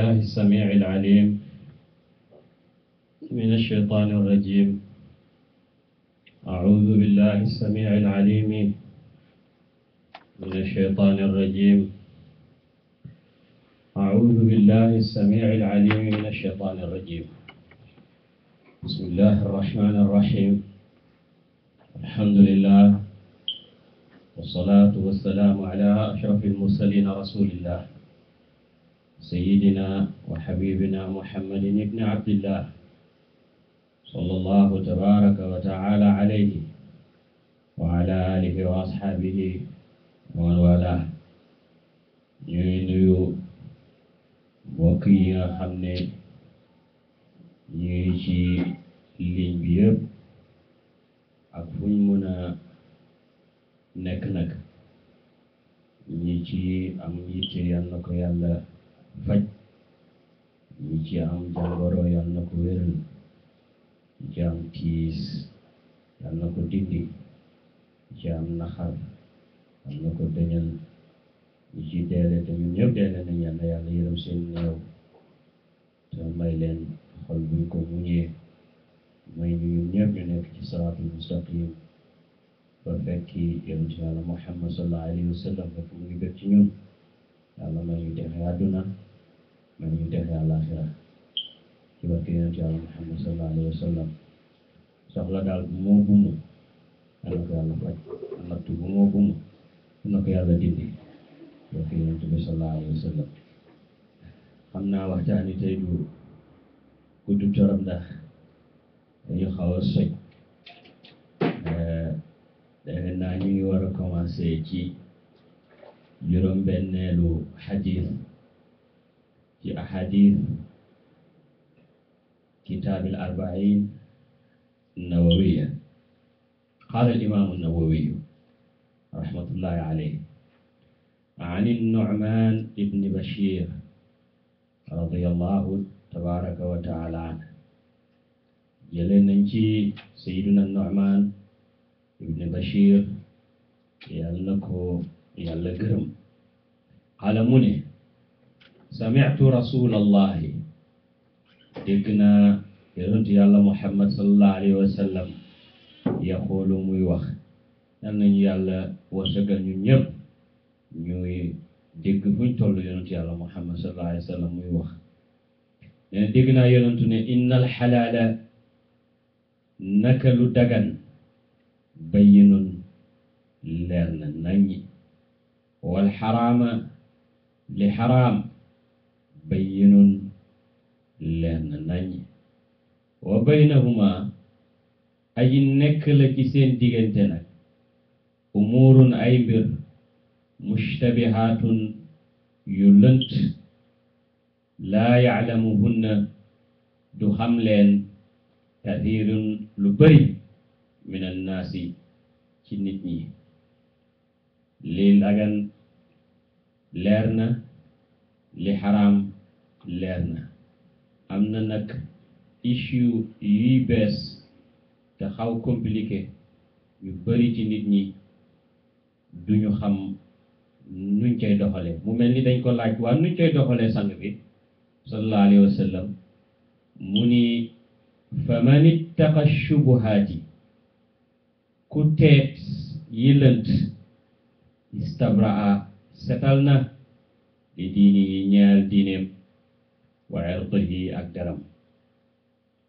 بالله السميع العليم من الشيطان الرجيم أعوذ بالله السميع العليم من الشيطان الرجيم أعوذ بالله السميع العليم من الشيطان الرجيم بسم الله الرحمن الرحيم الحمد لله والصلاة والسلام على أشرف المرسلين رسول الله سيدنا وحبيبنا محمد بن عبد الله صلى الله تبارك وتعالى عليه وعلى آله وأصحابه ومن والاه ñuy nuyu mbokk yi nga xam ne ñuy ci ligne bi yëpp ak fuñ mën a nekk nag ñi ci am yitte yal na ko yàlla faj ñi ci am jàngoro yal na ko wéral ñi ci am tiis yal na ko dindi ñi ci am naxar yal na ko dëñal ñi ci deele te ñun ñëpp deele na yàlla yërëm seen néew te may leen xol buñ ko muñee may ñu ñun ci saraatul mustaqim ba fekki yonent yàlla Muhammad sallallahu alayhi wa sallam fekk mu ngi bëgg ci yàlla may ñu texe àdduna may ñu texe àllaaxira ci barke yonent yàlla Muhammad sallallahu alayhi wa sallam soxla daal bu moo bumu yàlla ko yàlla faj nattu bu moo bumu na ko yàlla dindi barke yonent bi sallallahu alayhi wa sallam xam naa waxtaani tey du gudd torop ndax dañu xaw a soj eh, defe naa ñu ngi war a commencé ci juróom benneelu xadis ci ahadis kitaabil arbain nawawiya qaala alimaamu nawawiyu rahmatullahi alayhi an nucman ibni bashir radiyallahu tabaraka wa taala an jëlee nañ ci sayiduna nucman ibni bashir yàlla na ko yàlla gërëm xaala mu ne sami'tu rasulallahi dégg naa yonentu yàlla muhammad sallallahu alayhi wa muy wax yal nañu yàlla warsagal ñu ñëpp ñuy dégg fuñ toll yonentu yàlla muhammad sallallahu alayhi muy wax nee dégg naa ne inna alxalaala naka dagan bayyinun leer na wal xaraama li xaraam bayyinun leer na nañ wa baynahuma aji nekk la ci seen diggante nag umuurun ay mbir mushtabihaatun yu lënt laa yaclamuhunna du xam leen kathirun lu bëri min annaasi ci nit ñi li dagan leer na li xaraam leer na am na nag issue yuy bees te xaw compliqué yu bari ci nit ñi duñu xam nuñ koy doxale mu mel ni dañ ko laaj waa nuñ cay doxale sang bi sallallahu alayhi wa sallam mu ni faman ittaqa shubuhaati ku teet yi lënt istabraa setal na li diini yi ñeel diineem wa irdihi ak deram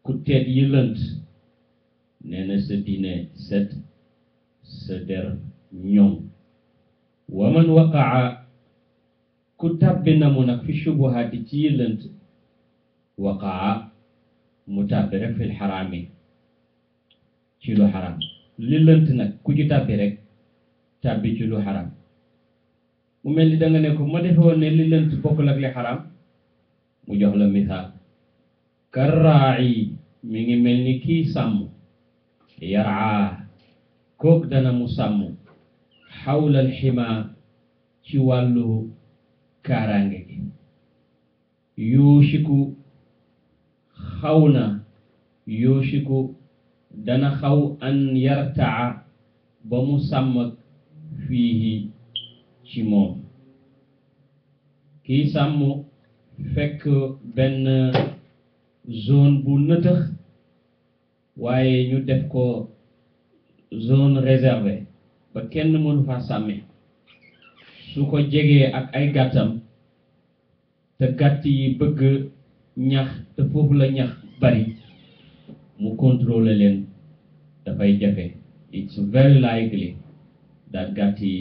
ku teet yi lënt nee na sa diine set sa der ñoŋ wa man waqaa ku tàbbi na mu nag fi shubuhaati ci yi lënt waqaa mu tàbbi rek fil xaraami ci lu xaraam li lënt nag ku ci tàbbi rek tàbbi ci lu xaram mu mel ni danga nga ne ko ma defe woon ne li lënt bokkul ak li xaram mu jox la misaal karraayi mi ngi mel ni kii sàmm yaraa kook dana mu sàmm xawla alxima ci wàllu kaaraange gi yuushiku xaw na yuushiku dana xaw an yartaa ba mu sàmm fiihi ci moom kiy sàmm fekk benn zone bu nëtëx waaye ñu def ko zone réservée ba kenn mënu fa sàmme su ko jegee ak ay gàttam te gàtt yi bëgg ñax te foofu la ñax bari mu contrôler leen dafay jafe it's very likely daal gàtt yi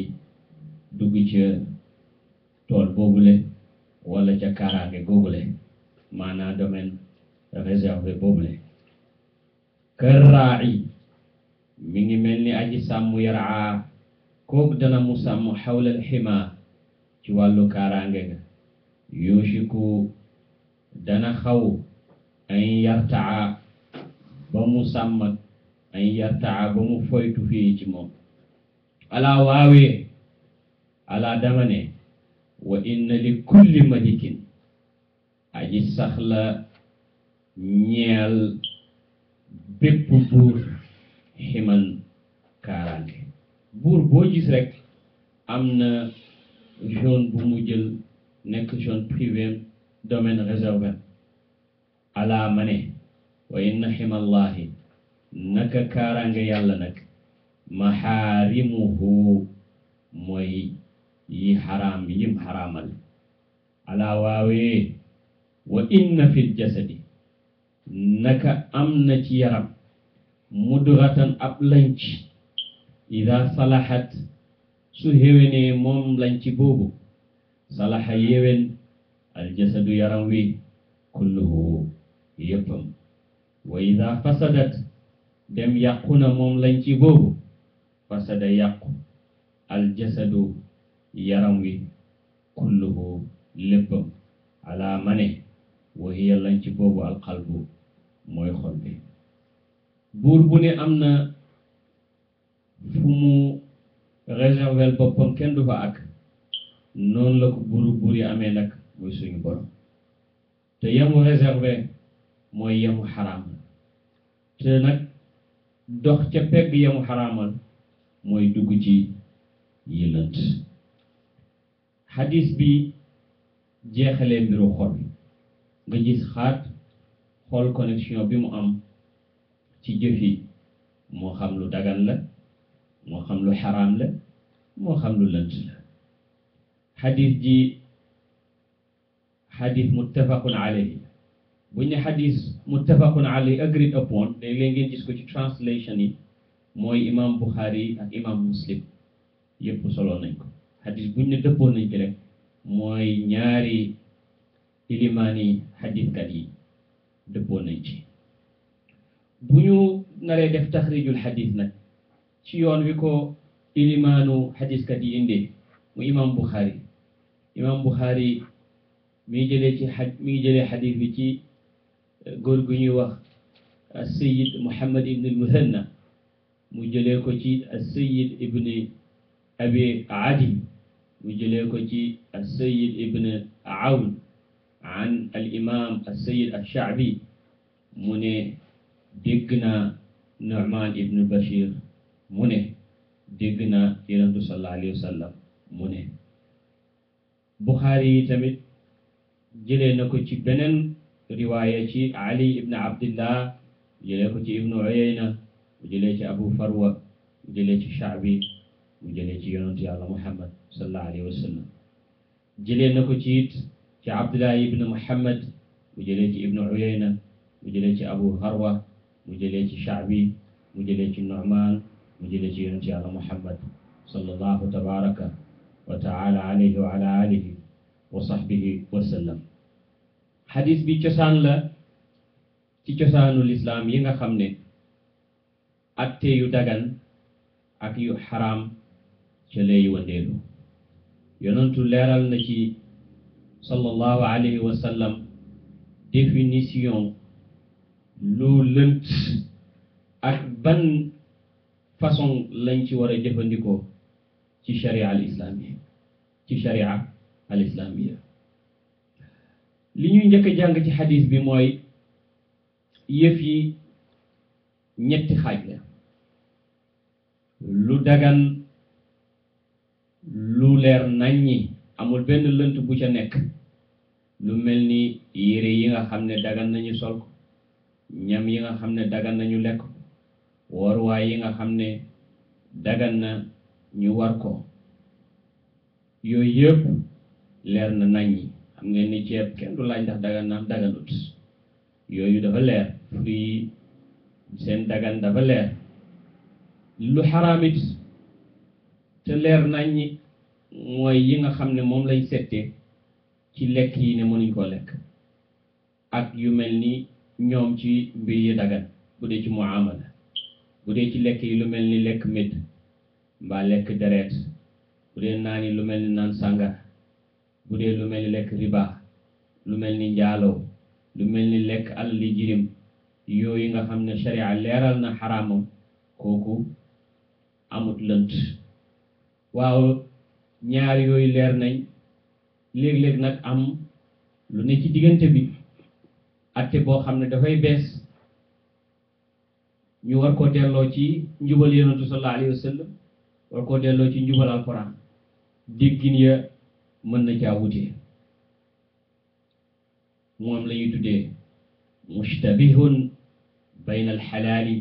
dugg ca tool boobule wala ca kaaraange googule maanaam domaine réservé boobule kër raayi mi ngi mel ni aji sàmm yaraa kooku dana mu sàmm xawlal ci wàllu kaaraange ga yushiku dana xaw ay yartaa ba mu sàmmat ay yartaa ba mu foytu fii ci moom alaa waawee alaa dama wa inna li kulli malikin aji sax la ñeel bépp buur ximan kaaraange buur boo gis rek am na zone bu mu jël nekk zone privée domaine réservé alaa ma wa inna ximallahi naka kaaraange yàlla nag maxaarimuhu mooy yi xaraam yim xaraamal ala waawee wa inna fil jasadi naka am na ci yaram mudratan ab lanc ida salaxat su xéwénee moom lanc boobu salaxa yéwén aljasadu yaram wi kulluhu yéppam wa ida fasadat dem yàqu na moom lanc boobu fasada yàqu aljasadu yaram wi kulluhu léppam ala mane wa lañ ci boobu alqalbu mooy xol bi buur bu ne am na fu mu réserver boppam kenn du fa ak noonu la ko buuru buur yi amee nag muy suñu borom te yemu réserver mooy yemu xaraamal te nag dox ca pegg yemu xaraamal mooy dugg ci yi lënt xadis bi jeexalee mbiru xol nga gis xaat xool connexion bi mu am ci jëfi moo xam lu dagan la moo xam lu xaraam la moo xam lu lënt la xadis ji xadis muttafaqun alayhi bu ñu xadis muttafaqun alayhi agreed upon léeg-léeg ngeen gis ko ci translation yi mooy imam Bukhari ak imam muslim yëpp solo nañ ko xadis buñ ne dëppoon nañ ci rek mooy ñaari ilimaani xadiskat yi dëppoon nañ ci bu ñu naree def taxrijul xadis na ci yoon wi ko ilimaanu xadiskat yi indee mu imam Bukhari imam Bukhari mi ngi jëlee ci a mi ngi jëlee xadis bi ci eh, góor gu ñuy wax sayid Muhammad ibn al-Muthanna mu jëlee ko ci as-sayyid ibni abi adi mu jëlee ko ci as-sayyid ibni awn an al imam as-sayyid ash-sha'bi mu ne dégg naa nu'man ibnu bashir mu ne dégg naa yonentu sallallahu alayhi wa sallam mu ne buxaari yi tamit jëlee na ko ci beneen riwaaya ci ali ibn abdillah jëlee ko ci ibnu uyayna mu jëlee ci abu farwa mu jëlee ci shaabi mu jëlee ci yonent yàlla muhammad sallallahu alayhi wa sallam jëlee na ko ci it ci abdullahi ibn muhammad mu jëlee ci ibnu uyayna mu jëlee ci abu harwa mu jëlee ci shaabi mu jëlee ci nu'man mu jëlee ci yonent yàlla muhammad sallallahu tabaraka wa taala alayhi wa ala alihi wa sahbihi wa sallam xadis bi cosaan la ci cosaanu lislaam yi nga xam ne atte yu dagan ak yu xaraam ca lay wandeelu yonentu leeral na ci sallallahu alayhi wa sallam définition lu lënt ak ban façon lañ ci war a jëfandikoo ci sharia al ci sharia al li ñuy njëkk jàng ci xadis bi mooy yëf yi ñetti xaaj la lu dagan lu leer naññi amul benn lënt bu ca nekk lu mel ni yére yi nga xam ne dagan nañu sol ko ñam yi nga xam ne dagan nañu lekk waruwaay yi nga xam ne dagan na ñu war ko yooyu yëpp leer na naññi xam ngeen ni ceeb kenn du laaj ndax dagan naam daganut yooyu dafa leer fruit seen dagan dafa leer lu xaraamit te leer naññi mooy yi nga xam ne moom lañ settee ci lekk yi ne mënuñ koo lekk ak yu mel ni ñoom ci mbir yi dagan bu dee ci muamala bu dee ci lekk yi lu mel ni lekk médd mbaa lekk deret bu dee naan lu mel ni naan sàngar bu dee lu mel ni lekk riba lu mel ni njaaloo lu mel ni lekk alali jirim yooyu nga xam ne sharia leeral na xaraamam kooku amut lënt waaw ñaar yooyu leer nañ léeg-léeg nag am lu ne ci diggante bi atte boo xam ne dafay bees ñu war koo delloo ci njubal yonentu sallallahu wa sallam war koo delloo ci njubal alquran déggin ya mën na caa wutee moom la ñuy tuddee mushtabihun bayna alxalaali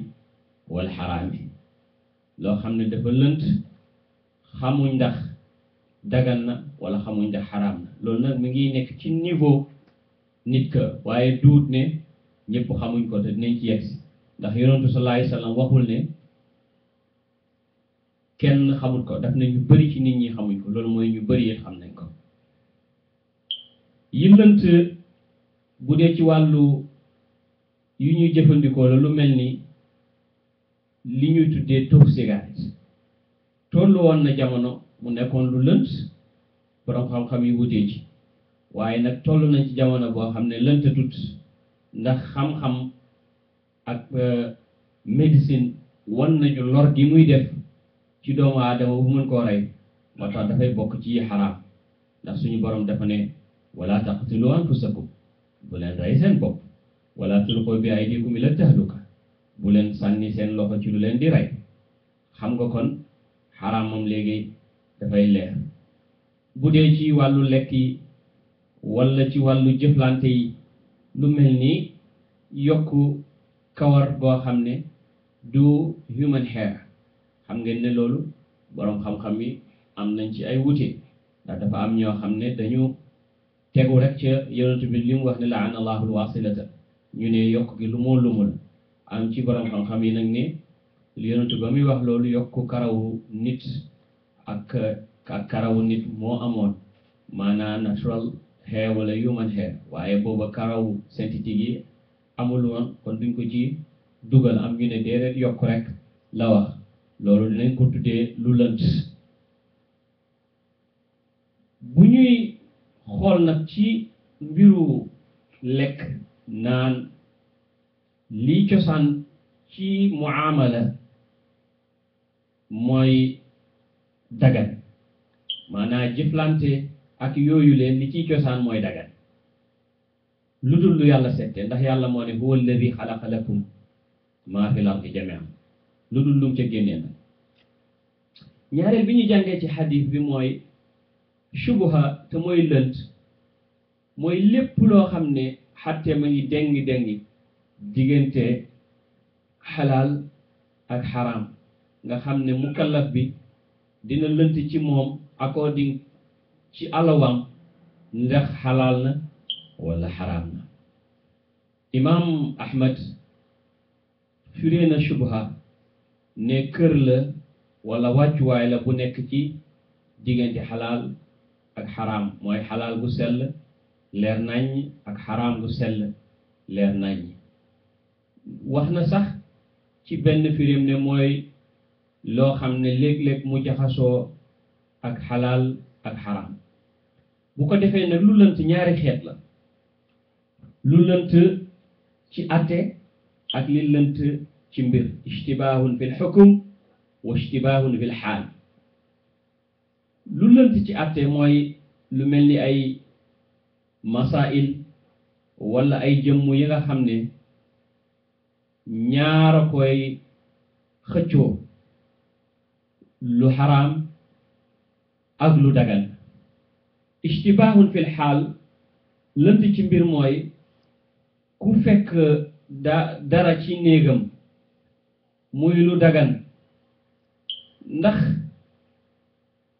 walxaraami loo xam ne dafa lënt xamuñ ndax dagal na wala xamuñ ndax xaraam na loolu nag mi ngi nekk ci niveau nit ka waaye duut ne ñépp xamuñ ko te dinañ ci yegsi ndax yonentu sallallahu alayhi wasallam waxul ne kenn xamul ko daf na ñu bari ci nit ñi xamuñ ko loolu mooy ñu bari yéen xam nañ ko yi lënt bu dee ci wàllu yu ñuy jëfandikoo la lu mel ni li ñuy tuddee tuux cigarette tollu woon na jamono bu nekkoon lu lënt borom xam-xam yi wutee ci waaye nag toll nañ ci jamono boo xam ne lëntatut ndax xam-xam ak euh, médecine wan nañu lor gi muy def ci doomu aadama bu mën koo rey moo tax dafay bokk ci xaraam ndax suñu borom dafa ne wala taqtulu anfusakum bu leen rey seen bopp wala tulqu bi aydikum ila tahluka bu leen sànni seen loxo ci lu leen di rey xam nga kon xaraam léegi dafay leer bu dee ci wàllu lekk yi walla ci wàllu jëflante yi lu mel ni yokk kawar boo xam ne du human hair xam ngeen ne loolu boroom xam-xam yi am nañ ci ay wute ndax dafa am ñoo xam ne dañu tegu rek ca yonent bi li mu wax ne laana allahul wasilata ñu ne yokk gi lu moo lumul am ci borom xam-xam yi nag ne yonentu ba muy wax loolu yokku karawu nit ak karawu nit moo amoon maanaam natural hair wala human hair waaye booba karawu synthétique yi amul woon kon duñ ko ci dugal am ñu ne déedéet yokk rek la wax loolu dinañ ko tuddee lu lënt bu ñuy xool nag ci mbiru lekk naan lii cosaan ci muamala mooy dagan maanaam jëflante ak yooyu leen li ciy cosaan mooy dagan lu dul lu yàlla sette ndax yàlla moo ne huwa alladi xalaqa lakum maa fi lardi jamian lu dul lum ca génnee na ñaareel bi ñu jàngee ci xadis bi mooy subuha te mooy lënt mooy lépp loo xam ne xatte ma ngi déngi déngi diggante xalaal ak xaraam nga xam ne mukallaf bi dina lënt ci moom di ci alawam ndax xalaal na walla xaraam na imaam ahmad firee na shubha ne kër la wala wàccuwaay la bu nekk ci diggante xalaal ak xaraam mooy xalaal gu sell leer naññ ak xaraam gu sell leer naññ wax na sax ci benn firim ne mooy loo xam ne léeg-léeg mu jaxasoo ak xalaal ak xaraam bu ko defee nag lu lënt ñaari xeet la lu lënt ci atte ak li lënt ci mbir ishtibaahun fi lxukum wa ishtibaahun fi lxaal lu lënt ci atte mooy lu mel ni ay masail walla ay jëmm yi nga xam ne ñaar a koy xëccoo lu xaraam ak lu dagan ishtibaahun fil lënt ci mbir mooy ku fekk dara ci néegam muy lu dagan ndax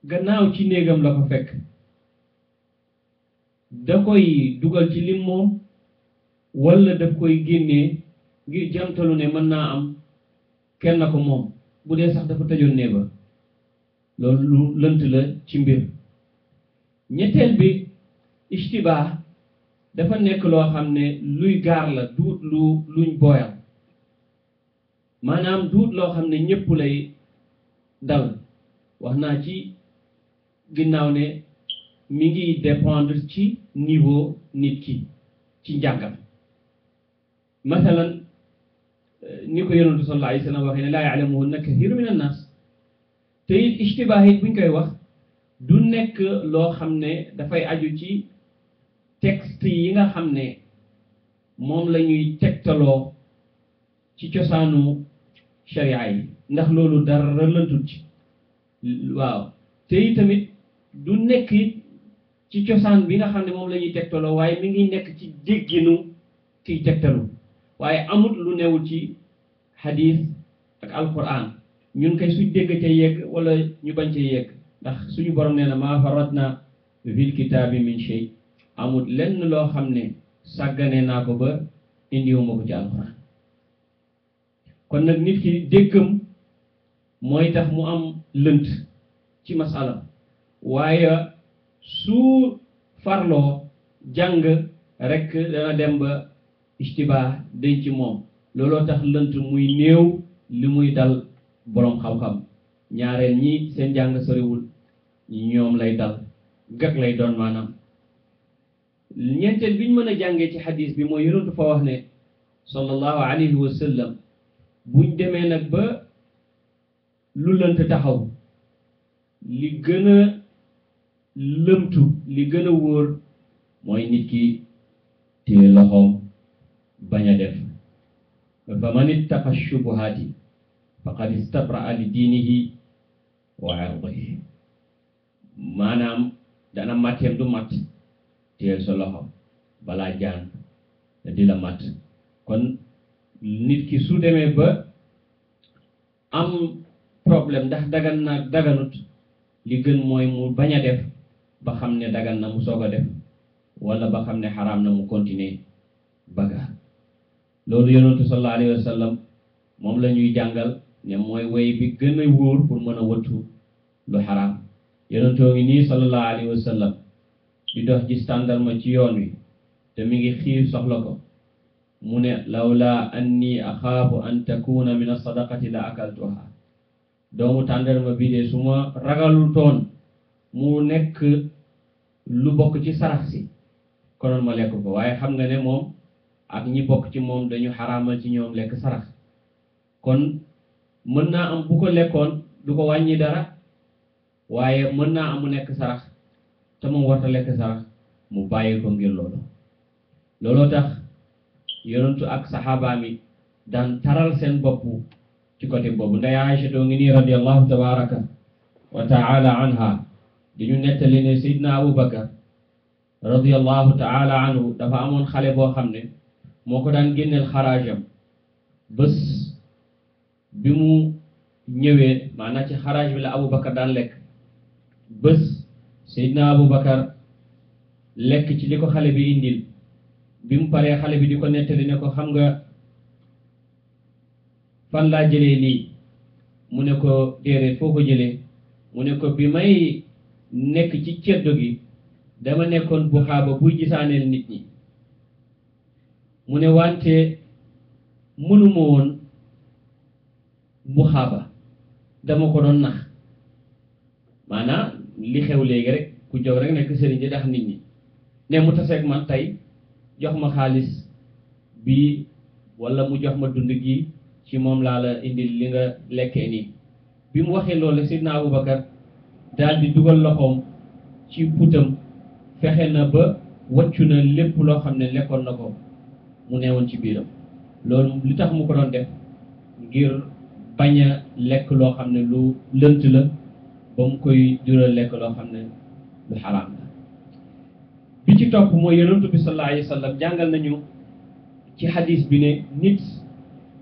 gannaaw ci néegam la ko fekk da koy dugal ci lim moom walla daf koy génnee ngir jamtalu ne mën naa am kenn ko moom bu dee sax dafa tëjoon ne loolu lënt la ci mbir ñetteel bi ishtibaa dafa nekk loo xam ne luy gaar la duut lu luñ booyal maanaam duut loo xam ne ñëpp lay dal wax naa ci ginnaaw ne mi ngi dépendre ci niveau nit ki ci njàngam masalan ni ko yonentu sallallahu alayhi wa sallam waxee ne laa yaalamuhunna kathiru min annaas te it ishtibah it buñ koy wax du nekk loo xam ne dafay aju ci texte yi nga xam ne moom la ñuy tegtaloo ci cosaanu sharia ndax loolu dara lëntul ci waaw te it tamit du nekk ci cosaan bi nga xam ne moom lañuy ñuy tegtaloo waaye mi ngi nekk ci dégginu kiy tegtalu waaye amut lu newul ci xadis ak alquran ñun kay suñ dégg ca yegg wala ñu bañ ca yegg ndax suñu borom nee na maa faratna fil kitaabi min shay amul lenn loo xam ne sàggane naa ko ba indiwuma ko ci alquran kon nag nit ki déggam mooy tax mu am lënt ci masala waaye su farloo jàng rekk dana dem ba istibaa day ci moom looloo tax lënt muy néew li muy dal boroom xam-xam ñaareel ñi seen jàng soriwul ñoom lay dal gag lay doon maanaam ñeenteel bi ñu mën a jàngee ci xadis bi mooy yonentu fa wax ne sallallahu alayhi wa buñ demee nag ba lu lënt taxaw li gën a li gën a wóor mooy nit ki téye loxoom bañ a def fa man ittaqa shubuhaati faqad istabraa li diinihi wa irdihi maanaam dana matteem du matt téel sa loxo balaa jaan di la matt kon nit ki su demee ba am problème ndax dagan na daganut li gën mooy mu bañ a def ba xam ne dagan na mu soog a def walla ba xam ne xaraam na mu continuer baga loolu yonentu sallallahu wa sallam moom la ñuy jàngal ne mooy way bi gën a wóor pour mën a wëttu lu xaraam yonentoo ngi nii sallallahu wa sallam di dox gis tàndarma ci yoon wi te mi ngi xiif soxla ko mu ne lawla anni axaafu an takuna min as-sadaqati la akaltuha doomu tàndarma bi de su ma ragalul mu nekk lu bokk ci sarax si konoon ma lekk ko waaye xam nga ne moom ak ñi bokk ci moom dañu xaraamal ci ñoom lekk sarax kon mën naa am bu ko lekkoon du ko wàññi dara waaye mën naa am mu nekk sarax te moom warta lekk sarax mu bàyyi ko ngir loolu looloo tax yonentu ak saxaabaam yi daan taral seen bopp ci côté boobu nday Aïcha doo ngi nii radiyallahu tabaraka wa taala anha di ñu nettali ne Seydina Abubakar radiyallahu taala anhu dafa amoon xale boo xam ne moo ko daan génneel xaraajam bés bi mu ñëwee maa maanaam ci xaraaj bi la Aboubacar daan lekk bés Seydina Aboubacar lekk ci li ko xale bi indil bi mu paree xale bi di ko nettali ne ko xam nga fan laa jëlee nii mu ne ko déedéet foo ko jëlee mu ne ko bi may nekk ci ceddo gi dama nekkoon bu xaaba buy gisaaneel nit ñi mu ne wante mënuma woon buxaaba dama ko doon nax maanaa li xew léegi rek ku jóg rek nekk sëriñ di dax nit ñi ne mu taseeg man tey jox ma xaalis bi walla mu jox ma dund gi ci moom laa la indil li nga lekkee nii bi mu waxee loolu sidna Abubakar dal di dugal loxoom ci putam fexe na ba waccu na lépp loo xam ne nekkoon na ko mu neewoon ci biiram loolu li tax mu ko doon def ngir bañ a lekk loo xam ne lu lënt la ba mu koy jural lekk loo xam ne lu xaraam la bi ci topp mooy yonentu bi sallallahu alayhi jàngal nañu ci xadis bi ne nit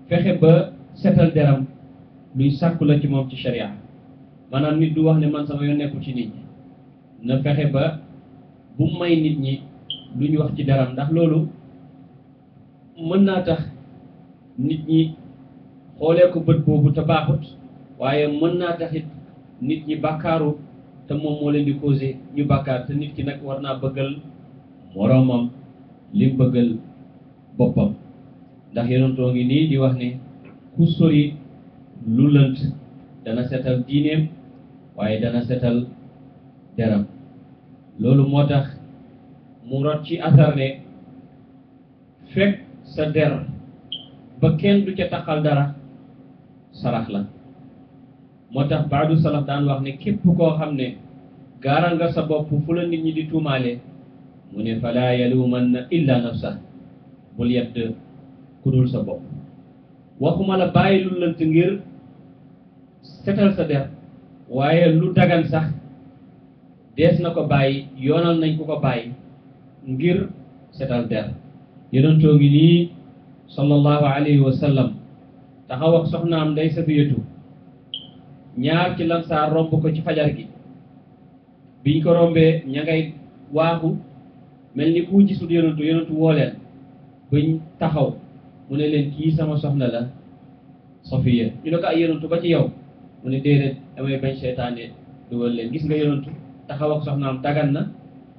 fexe ba setal deram luy sàkku la ci moom ci sharia maanaam nit du wax ne man sama yoon nekkul ci nit ñi na fexe ba bu may nit ñi lu ñu wax ci deram ndax loolu mën naa tax nit ñi xoolee ko bët boobu te baaxut waaye mën naa tax nit ñi bàkkaaru te moom moo leen di causé ñu bàkkaar te nit ki nag war naa bëggal moroomam lim bëggal boppam ndax yonentoo ngi nii di wax ne ku sori lu lënt dana seetal diineem waaye dana setal deram loolu moo tax mu rot ci asar ne fekk sa der ba kenn du ca taqal dara sarax la moo tax baadu salaf daan wax ne képp koo xam ne gaaral nga sa bopp fu la nit ñi di tuumaale mu ne fala yalumanna illa nafsa bul yedd ku dul sa bopp waxuma la bàyyi lu lënt ngir setal sa der waaye lu dagan sax dees na ko bàyyi yoonal nañ ku ko bàyyi ngir setal der yonentoo ngi nii sallallahu alayhi wa sallam taxaw ak soxnaam day sabiyatu ñaar ci lansaar romb ko ci fajar gi biñ ko rombee ña ngay waaxu mel ni ku gisul yonentu yonentu woo leen bañ taxaw mu ne leen kii sama soxna la Safiya ñu ne ko ay yonentu ba ci yow mu ne déedéet damay bañ seetaane dugal leen gis nga yonentu taxaw ak soxnaam dagan na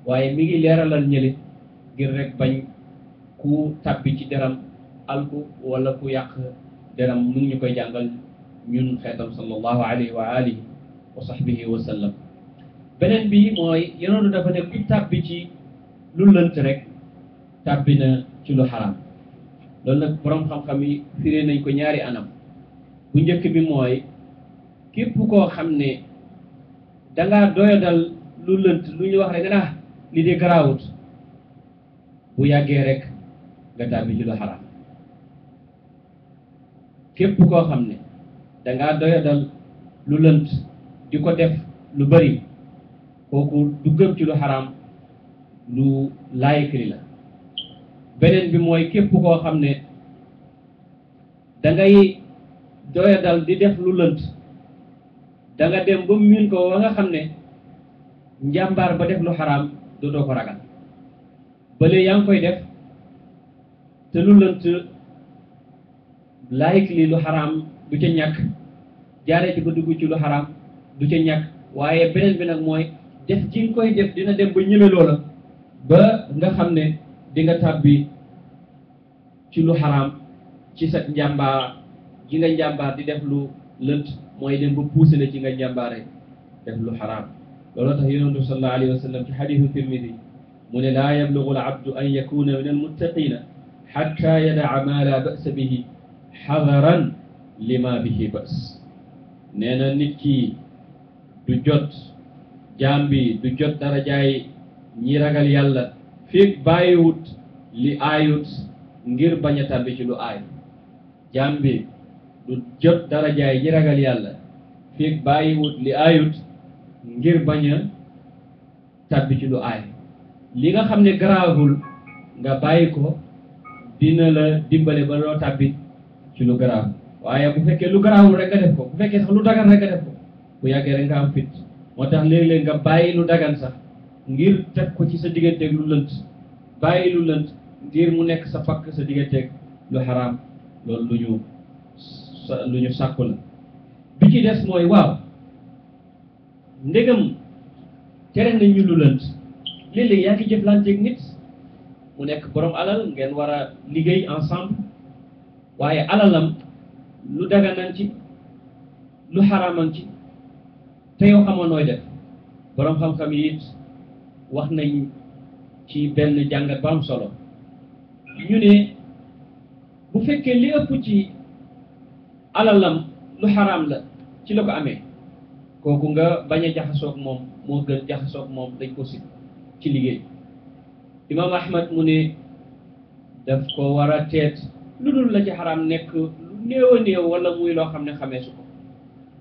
waaye mi ngi leeralal ñële ngir rek bañ ku tabbi ci deram alku wala ku yàq deram mu ngi ñu koy jàngal ñun xeetam sallallahu alayhi wa alihi wa sahbihi wa sallam beneen bi mooy yenoonu dafa ne ku tabbi ci lu lënt rek tabbi na ci lu xaraam loolu nag boroom xam-xam yi firee nañ ko ñaari anam bu njëkk bi mooy képp ko xam ne dangaa doyadal lu lënt lu ñu wax rek ne ah li garaawut bu yàggee rek nga tàbbi ci lu xaraam képp koo xam ne dangaa doyadal lu lënt di ko def lu bari kooku gëm ci lu xaraam la beneen bi mooy képp koo xam ne dangay doyadal di def lu lënt danga dem ba miin ko wa nga xam ne njàmbaar ba def lu xaraam dootoo ko ragal bële yaa ngi koy def te lu lënt laayik li lu xaraam du ca ñàkk jaaree ci ba dugg ci lu xaraam du ca ñàkk waaye beneen bi nag mooy def gi nga koy def dina dem ba ñëme loola ba nga xam ne di nga tàbbi ci lu xaraam ci sa njàmbaar ci nga njàmbaar di def lu lënt mooy dem ba puuse la ci nga njàmbaare def lu xaraam looloo tax yonentu sallallahu alayhi wa sallam ci xadiisu tirmidi mu ne laa yablugul abdu an yakuna min almuttaqina xatta yadaa maa laa basa bihi xadaran lima bihi bas nee na nit ki du jot jaam bi du jot darajaay ñi ragal yàlla fiig bàyyiwut li aayut ngir bañ a tàbbi ci lu aay jaam bi du jot darajaay ñi ragal yàlla fiig bàyyiwut li aayut ngir bañ tàbbi ci lu aay li nga xam ne garaawul nga bàyyi ko dina la dimbale ba loo tàbbi ci lu garaaw waaye bu fekkee lu garaawul rek nga def ko bu fekkee lu dagan rek a def ko bu yàggee rek nga am fit moo tax léeg-léeg nga bàyyi lu dagan sax ngir teg ko ci sa digganteeg lu lënt bàyyi lu lënt ngir mu nekk sa fakk sa digganteeg lu xaraam loolu lu ñu sa lu ñu sàkku la bi ci des mooy waaw ndegam tere nañ lu lënt léeg-léeg yaa ngi jëflanteeg nit mu nekk boroom alal ngeen war a liggéey ensemble waaye alalam lu daganan ci lu xaraaman ci te yow xamoo nooy def borom xam-xam yi wax nañ ci benn jàngat ba am solo ñu ne bu fekkee li ëpp ci alalam lu xaraam la ci la ko amee kooku nga bañ a jaxasoog moom moo gën jaxasoog moom dañ ko sit ci liggéey imaam ahmad mu ne daf ko war a teet lu dul la ci xaraam nekk lu néew a wala muy loo xam ne xamee su ko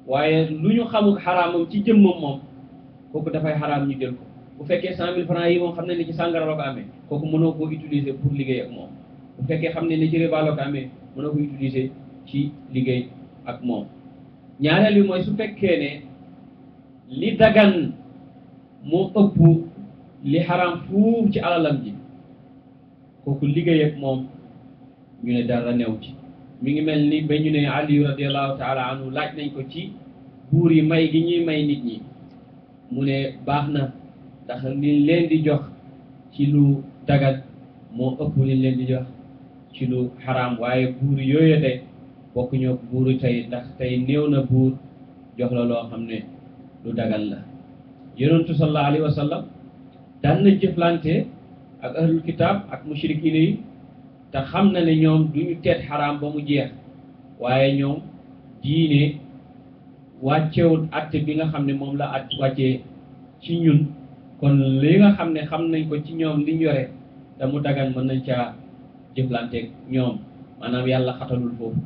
waaye lu ñu xamul xaraamam ci jëmmam moom kooku dafay xaraam ñu jël ko bu fekkee cent mille francs yi moom xam ne ne ci sàngara la ko amee kooku mënoo ko utiliser pour liggéey ak moom bu fekkee xam ne ne ci riba la ko amee mënoo ko utiliser ci liggéey ak moom ñaareel mooy su fekkee ne li dagan moo ëpp li xaraam fuuf ci alalam ji kooku liggéey ak moom ñu ne dara new ci mi ngi mel ni ba ñu ne Aliyu radiallahu taala anhu laaj nañ ko ci buur yi may gi ñuy may nit ñi mu ne baax na ndax liñ leen di jox ci lu dagat moo ëpp liñ leen di jox ci lu xaraam waaye buur yooyu de bokk ñoo buuru tey ndax tey néew na buur jox la loo xam ne lu dagal la yonentu sallallahu alayhi wa daan na jëflante ak ahlul kitaab ak mushrikina yi te xam na ne ñoom duñu teet xaraam ba mu jeex waaye ñoom diine wàccewul àtte bi nga xam ne moom la at wàccee ci ñun kon li nga xam ne xam nañ ko ci ñoom liñ yore te mu dagan mën nañ ca jëflanteeg ñoom maanaam yàlla xatalul foofu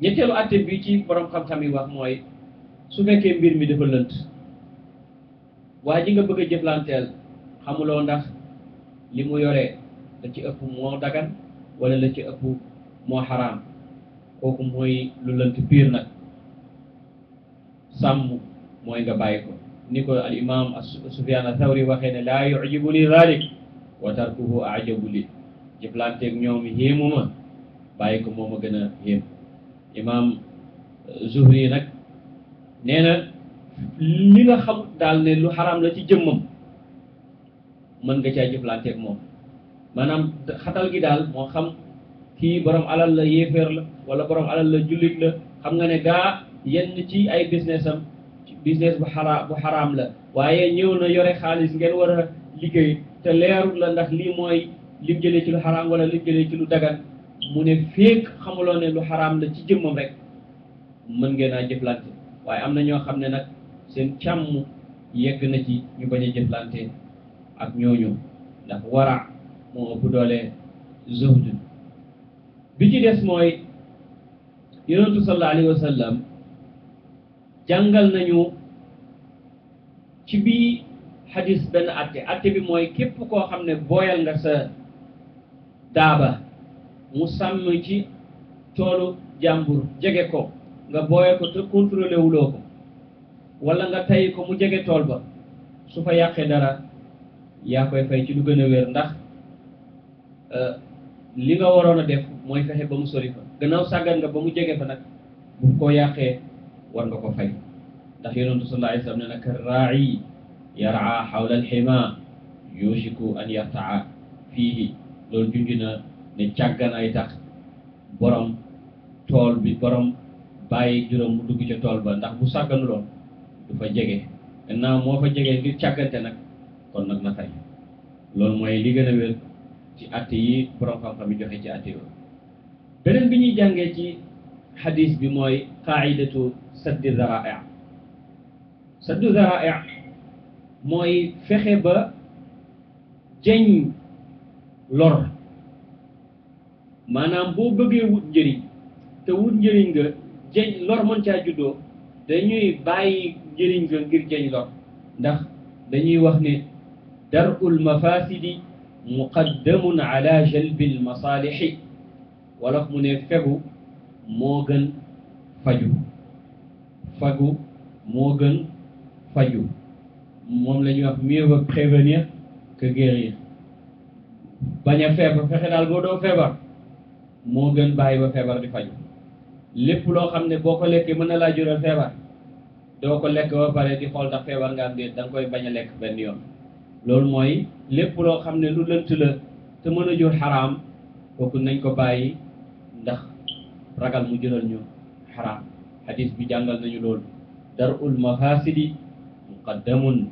ñetteelu àtte bi ci borom xam-xam wax mooy su fekkee mbir mi dafa lënt waa ji nga bëgg a jëflanteel xamuloo ndax li mu yoree la ci ëpp moo dagan wala la ci ëpp moo xaraam kooku mooy lu lënt biir nag sàmm mooy nga bàyyi ko ni ko al imam Sufyaan Athawri waxee ne laa yujibu li dalik wa tarkuhu ajabu li jëflanteeg ñoom yéemu ma bàyyi ko moom a gën imam Zuhri nag nee na li nga xamut daal ne lu xaraam la ci jëmmam mën nga caa jëflanteeg moom maanaam xatal gi daal moo xam kii borom alal la yéeféer la wala borom alal la jullit la xam nga ne gaa yenn ci ay business am business bu xaraa bu xaraam la waaye ñëw na yore xaalis ngeen war a liggéey te leerul la ndax lii mooy lim jëlee ci lu xaraam wala lim jëlee ci lu dagan mu ne féeg xamuloo ne lu xaraam la ci jëmmam rek mën ngeen a jëflante waaye am na ñoo xam ne nag seen càmm yegg na ci ñu bañ a jëflante ak ñooñu ndax wara moo ëpp doole zuhd bi ci des mooy yonentu sallallahu alayhi wa jàngal nañu ci bii xadis benn atte atte bi mooy képp koo xam ne booyal nga sa daaba mu sàmm ci toolu jàmbur jege ko nga booyal ko te contrôlé wuloo ko wala nga tay ko mu jege tool ba su fa yàqee dara yaa koy fay ci lu gën a wér ndax euh, li nga waroon a def mooy fexe ba mu sori fa gannaaw sàggan nga ba mu jege fa nag bu ko yàqee war nga ko fay ndax yonentu sallallahu alayhi wasallam ne na karraa'i yar'a hawla al-hima yushiku an yarta'a fiihi loolu junj na ne càggan ay tax borom tool bi borom bàyyi juróom mu dugg ca tool ba ndax bu sàgganuloon du fa jege maintenant moo fa jege ngir càggante nag kon nag na fay loolu mooy li gën a wér ci àtt yi borom xam-xam yi joxe ci àtt yooyu beneen bi ñuy jàngee ci xadis bi mooy qaidatu saddi zara'i saddu zara'i mooy fexe ba jeñ lor maanaam boo bëggee wut njëriñ te wut njëriñ nga jeñ lor mën caa juddoo dañuy bàyyi jëriñ nga ngir jëñ lor ndax dañuy wax ni ne darul mafasidi muqaddamun ala jalbil masalixi wala mu ne fegu moo gën faju fagu moo gën faju moom la ñuy wax mieux vaut prévenir que guérir bañ a feebar fexe daal boo doo feebar moo gën bàyyi ba feebar di faju lépp loo xam ne boo ko lekkee mën na laa jural feebar doo ko lekk ba pare di xool ndax feebar nga am déet da nga koy bañ a lekk benn yoon loolu mooy lépp loo xam ne lu lënt la te mën a jur xaraam kooku nañ ko bàyyi ndax ragal mu jural ñu xaraam xadis bi jàngal nañu loolu darul mafasidi muqaddamun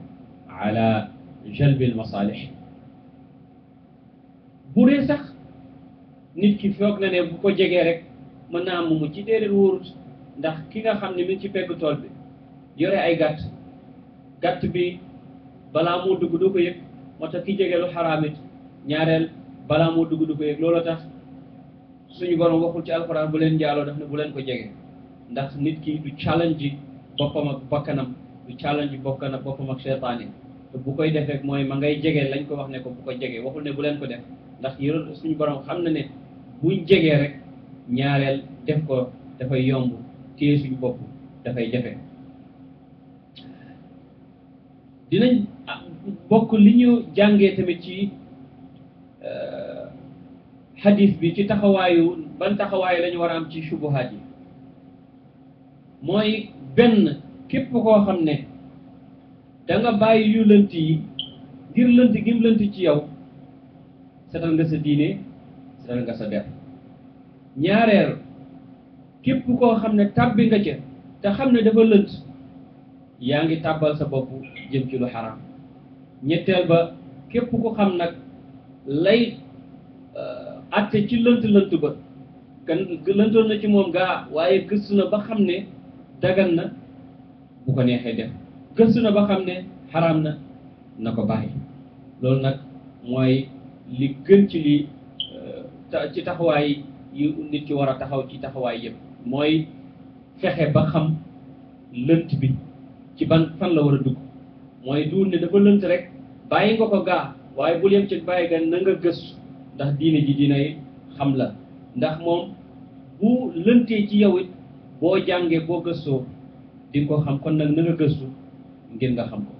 ala jalbil masalih bu dee sax nit ki foog na ne bu ko jegee rek mën naa am mu ci déedéet wóorut ndax ki nga xam ne mi ci pegg tool bi yore ay gàtt gàtt bi balaa moo dugg du ko yëg moo tax ki jege lu xaraam ñaareel balaa moo dugg du ko yëg loolu tax suñu borom waxul ci alxuraan bu leen njaaloo daf ne bu leen ko jege ndax nit ki du challenge boppam ak bakkanam du challenge boppam ak boppam ak seytaane te bu koy def mooy ma ngay jege lañ ko wax ne ko bu ko jegee waxul ne bu leen ko def ndax yore suñu borom xam na ne buñ jegee rek ñaareel def ko dafay yomb téye suñu bopp dafay jafe. dinañ bokk li ñu jàngee tamit ci euh, hadith bi ci taxawaayu ban taxawaayu lañu ñu war a am ci shubuhaat yi mooy benn képp koo xam ne da nga bàyyi yu lënt yi ngir lënt gim lënt ci yow setal nga sa diine setal nga sa der ñaareel képp koo xam ne tàbbi nga ca te xam ne dafa lënt yaa ngi tàbbal sa bopp jëm ci lu xaraam ñetteel ba képp ku xam nag lay atte euh, ci lënt lënt ba kan lëntoon na ci moom gaa waaye gëstu na ba xam ne dagan na bu ko neexee dem gëstu na ba xam ne xaraam na na ko bàyyi loolu nag mooy li gën ci li euh, ci taxawaay yu nit ci war a taxaw ci taxawaay yëpp mooy fexe ba xam lënt bi ci ban fan la war a dugg mooy duul ne dafa lënt rek bàyyi nga ko gaa waaye bul yem ci bàyyi ga na nga ndax diine ji dinay xam la ndax moom bu lëntee ci yow boo jàngee boo gëstoo di ko xam kon nag na nga gëstu ngir nga xam ko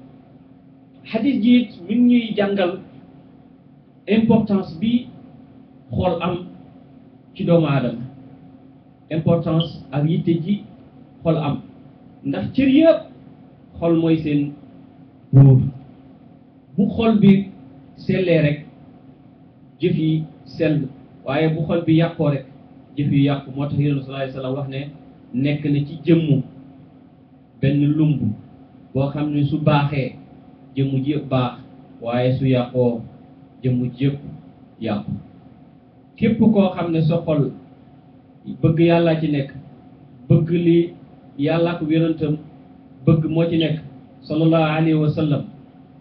xadis ji it mi ñuy jàngal importance bi xool am ci doomu aadama importance ak yitte ji xool am ndax cër yëpp xol mooy seen ruux bu xol bi sellee rek jëf yi sell waaye bu xol bi yàqoo rek jëf yu yàqu moo tax yonent sallallahu alayhi wax ne nekk na ci jëmm benn lumb koo xam ne su baaxee jëmm ji yëpp baax waaye su yàqoo jëmm ji yëpp yàqu képp koo xam ne sa xol bëgg yàlla ci nekk bëgg li yàlla ak wérantam bëgg moo ci nekk sallallahu alayhi wa sallam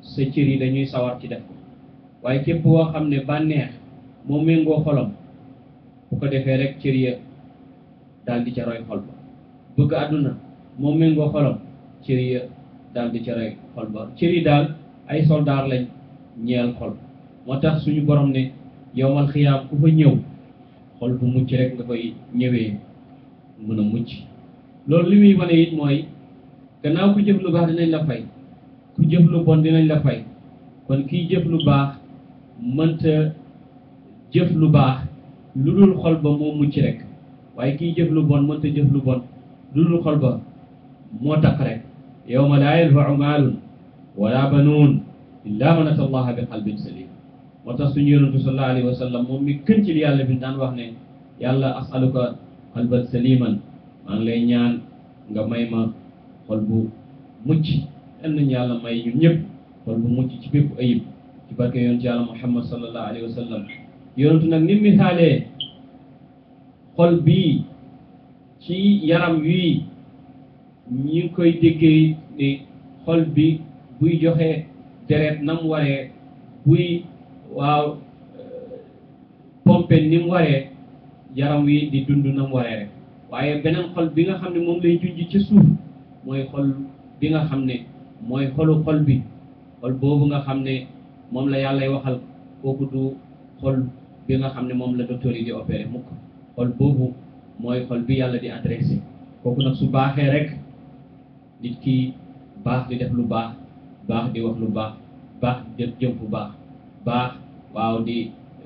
sa cër yi dañuy sawar ci def ko waaye képp woo xam ne bànneex moo méngoo xolam bu ko defee rek cër ya daal di ca roy moo méngoo xolam cër ya daal di ca roy cër yi daal ay soldaar lañ ñeel xol moo tax suñu borom ne yowmal xiyaam ku fa ñëw xol bu mucc rek nga koy ñëwee mën a mucc loolu li muy wane it mooy gannaaw ku jëf lu baax dinañ la fay ku jëf lu bon dinañ la fay kon kiy jëf lu baax mënta jëf lu baax lu dul xol ba moo mucc rek waaye kiy jëf lu bon mënta jëf lu bon lu dul xol ba moo tax rek yawma laa yanfau maalun wala banuun illaa man ata bi qalbin salim moo tax suñu yonentu sallallahu alayhi wa yàlla bi daan wax ne yàlla asaluka qalban saliman maa ngi lay ñaan nga may ma xol bu mucc yal nañu yàlla may ñun ñëpp xol bu mucc ci bépp ayib ci barke yonent yàlla muhammad sallallahu alayhi wa sallam yonentu nag ni misaalee xol bii ci yaram wi ñi koy déggee ni xol bi buy joxe deret nam waree buy waaw pompe ni mu waree yaram wi di dund nam waree rek waaye beneen xol bi nga xam ne moom lay junj ci suuf mooy xol bi nga xam ne mooy xolu xol bi xol boobu nga xam ne moom la lay waxal kooku du xol bi nga xam ne moom la docteur yi di opéré mukk xol boobu mooy xol bi yàlla di adressé kooku nag su baaxee rek di ki baax di def lu baax baax di wax lu baax baax di jëm bu baax baax waaw di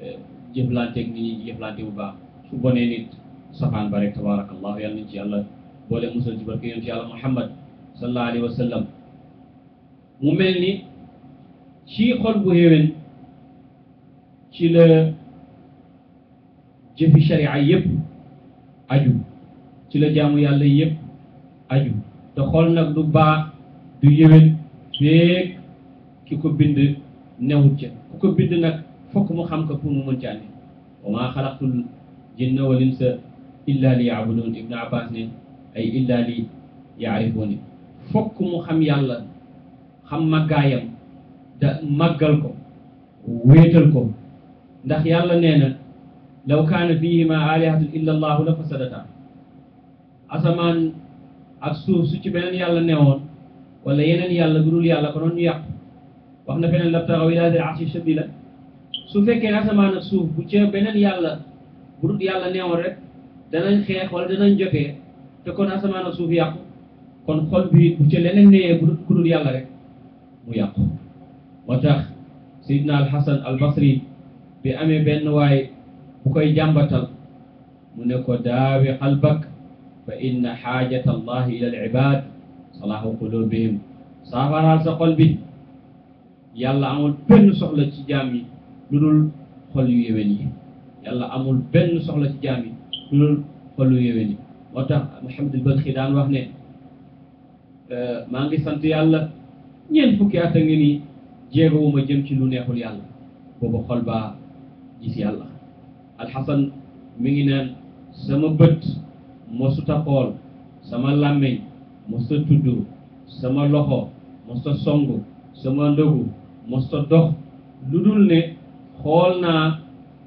eh, jëflanteeg nit ñi jëflante bu baax su bonee nit safaan ba rek tabarakallahu yàlla nañ ci yàlla boole musal ci barke yonent yàlla Muhammad sallallahu alayhi wa sallam mu mel ni ci xol bu héwén ci la jëfi sharia yépp aju ci la jaamu yàlla yépp aju te xol nag du baax du yéwén feek ki ko bind newut ca ku ko bind nag fokk mu xam ko pour mu mën ca ne wa maa xalaqtul jinna wal insa illa li yaabuduun ibnu abbas ne ay illaa li yaarifooni fokk mu xam yàlla xam màggaayam da màggal ko wéetal ko ndax yàlla nee na law kaana fihima alihatun illa allahu la fasadata asamaan ak suuf su ci beneen yàlla newoon wala yeneen yàlla bu dul yàlla ko noon ñu yàqu wax na feneen labtagaw ilaa zil arshi sabila su fekkee asamaan ak suuf bu ci beneen yàlla bu dul yàlla newoon rek danañ xeex wala danañ jotee te kon asamaan suuf yàqu kon xol bi bu ca leneen neyee ku dul yàlla rek mu yàqu moo tax Seydina Alxasan Albasri bi amee benn waay bu koy jàmbatal mu ne ko daawi qalbak fa inna xaajata allahi ila alibaad salaahu qulubihim saafaraal sa xol bi yàlla amul benn soxla ci jaam yi lu dul xol yu yéwén yi yàlla amul benn soxla ci jaam yi lu dul xol yu yéwén yi moo tax Mouhamadul Balxi daan wax ne euh, maa ngi sant yàlla ñeent fukki at a ngi ni ma jëm ci lu neexul yàlla booba xol baa gis yàlla alxasan mi ngi naan sama bët mosuta xool sama làmmiñ mosuta tudd sama loxo mosuta songu sama ndogu mosuta dox lu dul ne xool naa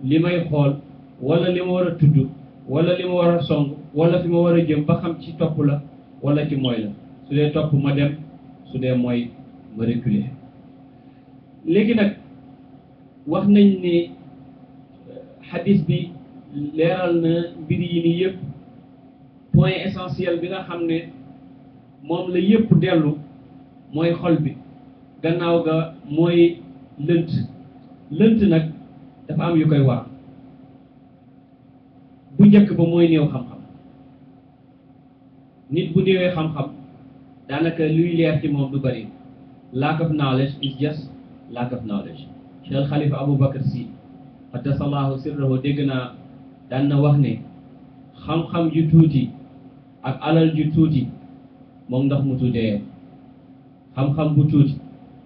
li may xool wala li ma war a tudd wala li ma war a song wala fi ma war a jëm ba xam ci topp la wala ci mooy la su dee topp ma dem su dee mooy ma reculer léegi nag wax nañ ni xadis euh, bi leeral na mbir yi nii yëpp point essentiel bi nga xam ne moom la yëpp dellu mooy xol bi gannaaw ga mooy lënt lënt nag dafa am yu koy waar bu njëkk ba mooy néew xam nit bu néewee xam-xam daanaka luy leer ci moom du bëri lack of knowledge is just lack of knowledge Cheikh Khalifa Aboubacar Sy qaddasallahu sirrahu dégg naa daan na wax ne xam-xam ju tuuti ak alal ju tuuti moom ndox mu tuutee xam-xam bu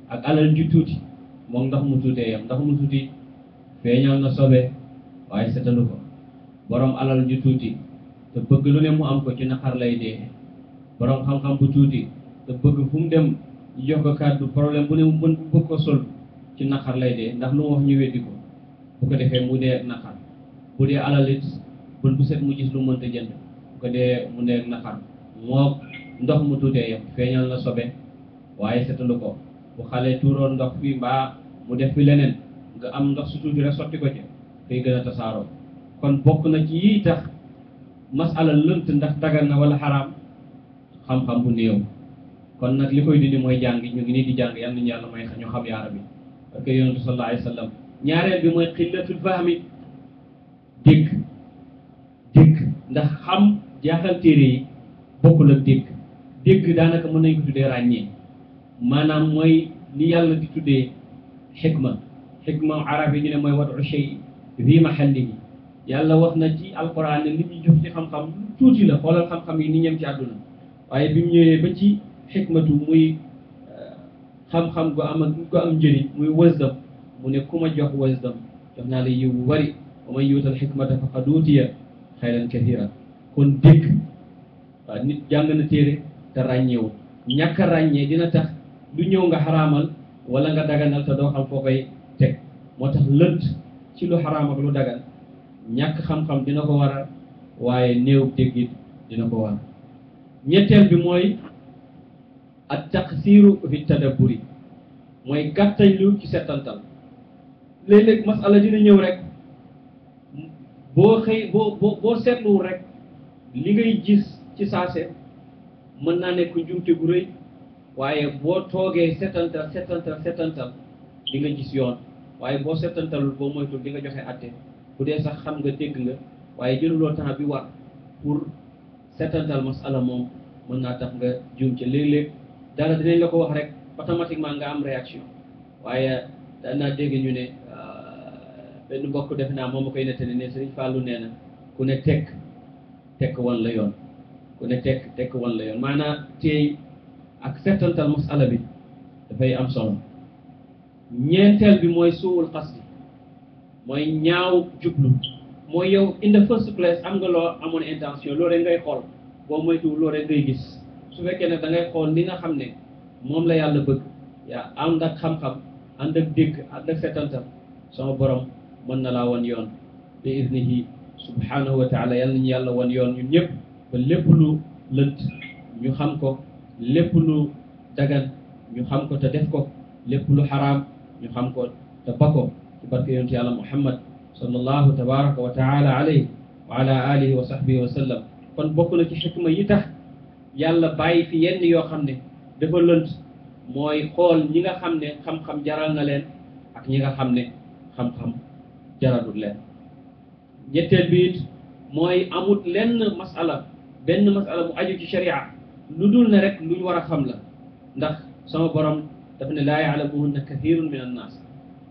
ak alal ju tuuti moom ndox mu tuutee yam ndox mu tuuti feeñal na sobe waaye setalu ko borom alal ju tuuti te bëgg lu ne mu am ko ci naqar lay dee borom xam-xam bu tuuti te bëgg fu mu dem jox ko kàddu problème bu ne mu mën bëgg ko sol ci naqar lay dee ndax lu mu wax ñu weddi ko bu ko defee mu dee ak naqar bu dee alal it bët bu set mu gis lu mu mënta jënd bu ko dee mu dee ak naqar moo ndox mu tuutee yëpp feeñal na sobe waaye setalu ko bu xale tuuroon ndox fii mbaa mu def fi leneen nga am ndox su tuuti rek sotti ko ci koy gën a tasaaroo kon bokk na ci yii tax masala lënt ndax dagan na wala xaraam xam-xam bu néew kon nag li koy dindi mooy jàng ñu ngi nii di jàng yal nañu yàlla ñu xam yaara bi parce que yonentu sallallahu alayhi wa sallam ñaareel bi mooy xillatul fahmi dégg dégg ndax xam jaaxal téere yi bokkul ak dégg dégg daanaka mën nañ ko tuddee ràññee maanaam mooy ni yàlla di tuddee xikma xikma arab yi ñu ne mooy wadu shay fi mahallihi yàlla wax na ci alquran ne li ñuy jox ci xam-xam tuuti la xoolal xam-xam yi ni ñem ci àdduna waaye bi mu ñëwee ba ci xikmatu muy euh, xam-xam gu am ak gu am njëriñ muy wasdam mu ne ku ma jox wasdam jox naa la yiw bu bari wa man yuutal xikmata faqad uutiya xayran kathiran kon dégg waaw nit jàng na téere te ràññeewul ñàkk a ràññee dina tax lu ñëw nga xaraamal walla nga daganal te doo xam foo koy teg moo tax lënt ci lu xaraam lu dagan ñàkk xam-xam dina ko waral waaye néew déggit dina ko waral ñetteel bi mooy at taqsiru fi tadabburi mooy gàttañlu ci settantal léeg-léeg masala dina ñëw rek boo xëy boo boo boo rek li ngay gis ci saase mën naa nekk njumte bu rëy waaye boo toogee setantal setantal setantal di nga gis yoon waaye boo setantalul boo moytul di nga joxe atte bu dee sax xam nga dégg nga waaye jëluloo temps bi war pour seetantal masala moom mën naa tax nga juum ci léeg-léeg dara dinañ la ko wax rek automatiquement nga am réaction waaye danaa dégg ñu ne euh, benn mbokk def naa moom ma koy nettali ne Sëriñ Fàllu nee na ku ne tekk tekk woon la yoon ku ne tekk tekk woon la yoon maanaam tey ak seetantal masala bi dafay am solo ñeenteel bi mooy suuwul xas bi mooy ñaaw jublu mooy yow in the first place am nga loo amoon intention loolu rek ngay xool boo moytu loolu rek ngay gis su fekkee nag da ngay xool li nga xam ne moom la yàlla bëgg yaa ànd ak xam-xam ànd ak dégg ànd ak setantal sama borom mën na laa woon yoon bi iznihi subhanahu wa taala yal nañu yàlla woon yoon ñun ñëpp ba lépp lu lënt ñu xam ko lépp lu dagan ñu xam ko te def ko lépp lu xaraam ñu xam ko te ba ko ci barke yonent yàlla muhammad sallallahu tabaraka wa taala alayhi wa ala alihi wa sahbihi wa sallam kon bokk na ci xikma yi tax yàlla bàyyi fi yenn yoo xam ne dafa lënt mooy xool ñi nga xam ne xam-xam jaral na leen ak ñi nga xam ne xam-xam jaralul leen ñetteel bi it mooy amut lenn masala benn masala bu aju ci sharia lu dul ne rek luñ war a xam la ndax sama borom daf ne laa yaalamuhunna kathirun min an naas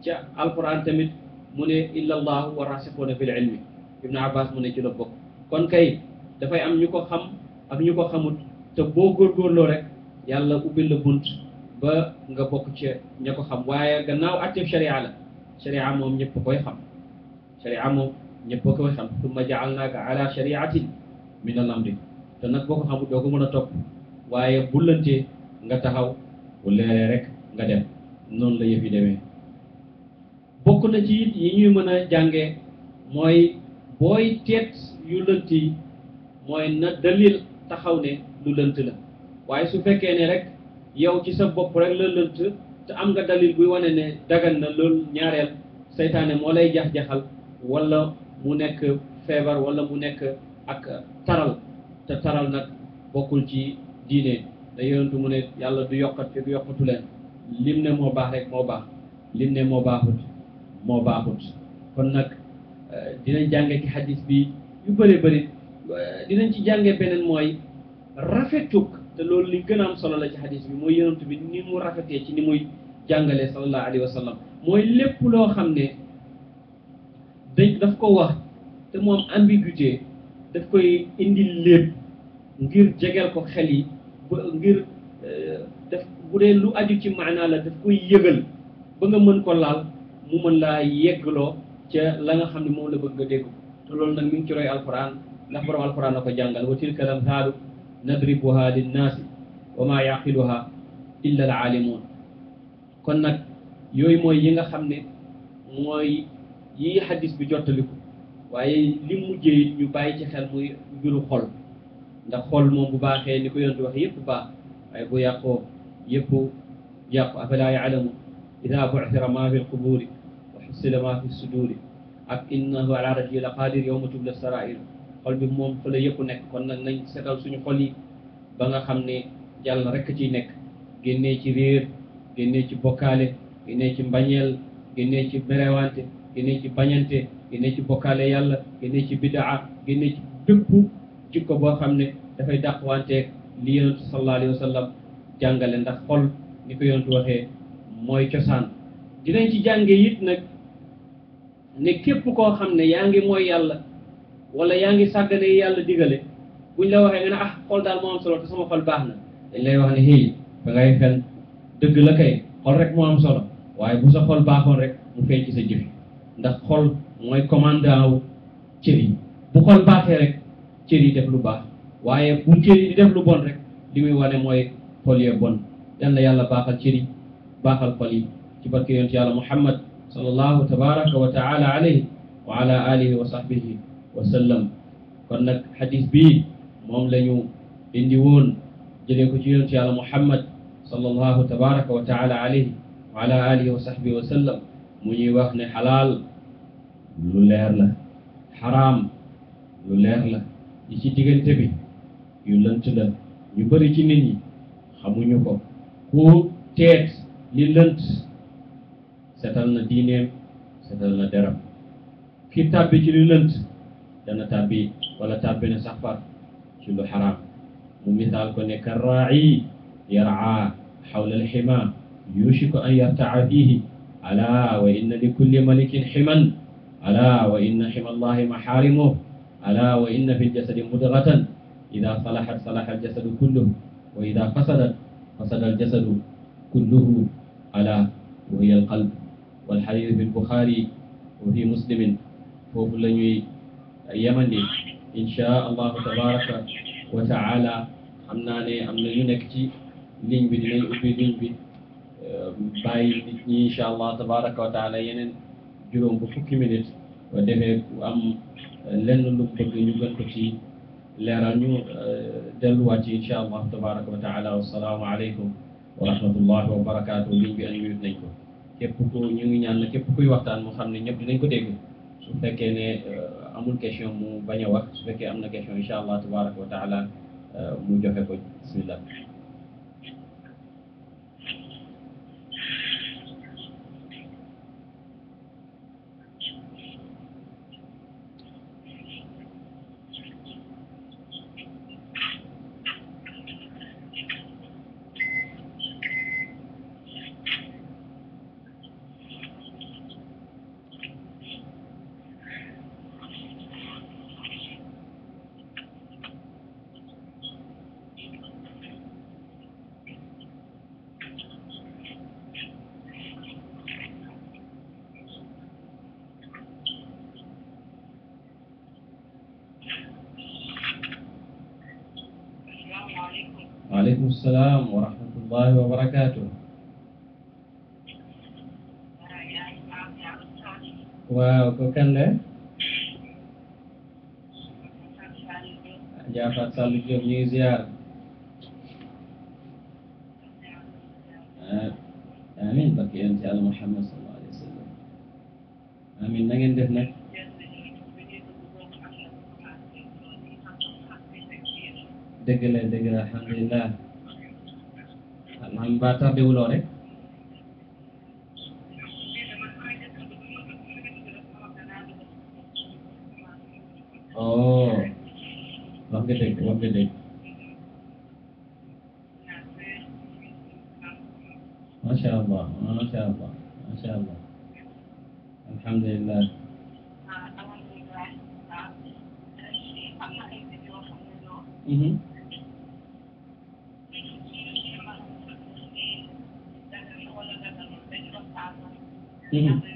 ca alquran tamit mu ne illa allahu wa rasixuuna fil ilmi ibnu abbas mu ne ci la bokk kon kay dafay am ñu ko xam ak ñu ko xamut te boo góorgóorloo rek yàlla ubbil la bunt ba nga bokk ci ña ko xam waaye gannaaw atteb sharia la sharia moom ñëpp koy xam sharia moom ñëpp koy xam summa jaalnaaka ala shariatin min al amri te nag boo ko ko mën a topp waaye bullantee nga taxaw bu leeree rek nga dem noonu la yëf yi bokk na ci yi ñuy mën a jànge mooy booy teet yu lënt yi mooy na dalil taxaw ne lu lënt la waaye su fekkee ne rek yow ci sa bopp rek la lënt te am nga dalil buy wane ne dagan na loolu ñaareel seytaane moo lay jax-jaxal wala mu nekk feebar wala mu nekk ak taral te taral nag bokkul ci diine da yonentu mu ne yàlla du yokkat fi du yokkatu leen lim ne moo baax rek moo baax lim ne moo baaxut moo baaxut kon nag euh, dinañ jànge ci xadis bi yu bëree bëri euh, dinañ ci jànge beneen mooy rafetuk te loolu li gën a am solo la ci xadis bi mooy yonent bi ni mu rafetee ci ni muy jàngalee sallallahu la wa sallam mooy lépp loo xam ne dañ daf ko wax te mu am daf koy indi lépp ngir jegeel ko xel yi ba ngir euh, daf bu dee lu aju ci maanaa la daf koy yëgal ba nga mën ko laal mu mën laa yeggloo ca la nga xam ne moom la bëgg nga dégg te loolu nag mi ngi ci roy alquran ndax borom alquran la ko jàngal wa tilka lamthaalu nadribuha linnaasi wa maa yaqiluha illa al aalimuun kon nag yooyu mooy yi nga xam ne mooy yi xadis bi jottaliku waaye li mujjee it ñu bàyyi ci xel muy mbiru xol ndax xol moom bu baaxee ni ko yonent wax yëpp baax waaye bu yàqoo yëpp yàqu afalaa yaalamuun ida bu'thira ma fi lquburi wa xussila ma fi suduri ak innahu ala rajihi la qadir yawma tubla sarair xol bi moom fa la yëpp nekk kon nag nañ setal suñu xol yi ba nga xam ne jàll rekk ciy nekk génnee ci réer génnee ci bokkaale génnee ci mbañeel génnee ci merewante génnee ci bañante génnee ci bokkaale yàlla génnee ci bidaa génnee ci bépp jikko boo xam ne dafay dàqwanteeg li yonentu sallallahu alayhi wa sallam jàngale ndax xol ni ko yonentu mooy cosaan dinañ ci jànge it nag ne képp koo xam ne yaa ngi mooy yàlla wala yaa ngi sàggane yàlla digale buñ la waxee nga ne ah xol daal moo am solo te sama xol baax na dañ lay wax ne xéy ba ngay fen dëgg la kay xol rek moo am solo waaye bu sa xol baaxoon rek mu feeñ ci sa jëfi ndax xol mooy commandant wu cër yi bu xol baaxee rek cër def lu baax waaye bu cër yi di def lu bon rek li muy wane mooy xol yee bon yal na yàlla baaxal cër yi baaxal xol yi ci barke yonent yàlla muhammad sallallahu tabaraka wa taala alayhi wa ala alihi wa sahbihi wa sallam kon nag xadis bii moom la ñu indi woon jëlee ko ci yonent yàlla muhammad sallallahu tabaraka wa taala alayhi wa ala alihi wa sahbihi wa sallam mu ñuy wax ne xalaal lu leer la xaraam lu leer la yi ci diggante bi yu lënt la ñu bëri ci nit ñi xamuñu ko ku teet li lënt setal na diineem setal na deram ki tàbbi ci li lënt dana tàbbi wala tàbbi na sax far ci lu xaraam mu misaal ko ne ka raaci yarcaa xawla alxima yushiku an yartaca fiihi ala wa inna li kulli malikin ximan ala wa inna xima allahi maxaarimuh ala wa inna fi ljasadi mudgatan ida salaxat salaxa aljasadu kulluh wa ida fasadat fasada aljasadu kulluhu ala wa hiya alqalb wal xadiis fi lbuxaari wa fi muslimin foofu la ñuy yemandi inchaa allahu tabaraka wa taala xam naa ne am na ñu nekk ci ligne bi dinañ ubbi ligne bi ehm, bàyyi nit ñi incha allah tabaraka wa taala yeneen juróom bu fukki minute wa defee ku am lenn lu bëgg ñu gën ko ci leeral ñu ehm, delluwaat ci incha allah tabaraka wa taala wasalaamu aleykum wa rahmatullahi wa barakaatu liñ bi ay minutes nañ ko képp ku ñu ngi ñaan la képp kuy waxtaan mu xam ne ñëpp dinañ ko dégg su fekkee ne euh, amul question mu bañ a wax su fekkee am na question incha allah tabaraka wa taala euh, mu joxe ko bismillah Sall Diop ñu ngi ziar amin barke yonent Yàlla Muhammad sallallahu alayhi wa sallam amin na def nag dëgg la dëgg la alhamdulilah alhamdulilah baa tardé am nga dégg am nga dégg macha allah macha allah alhamdulilah. Mm-hmm. mm-hmm.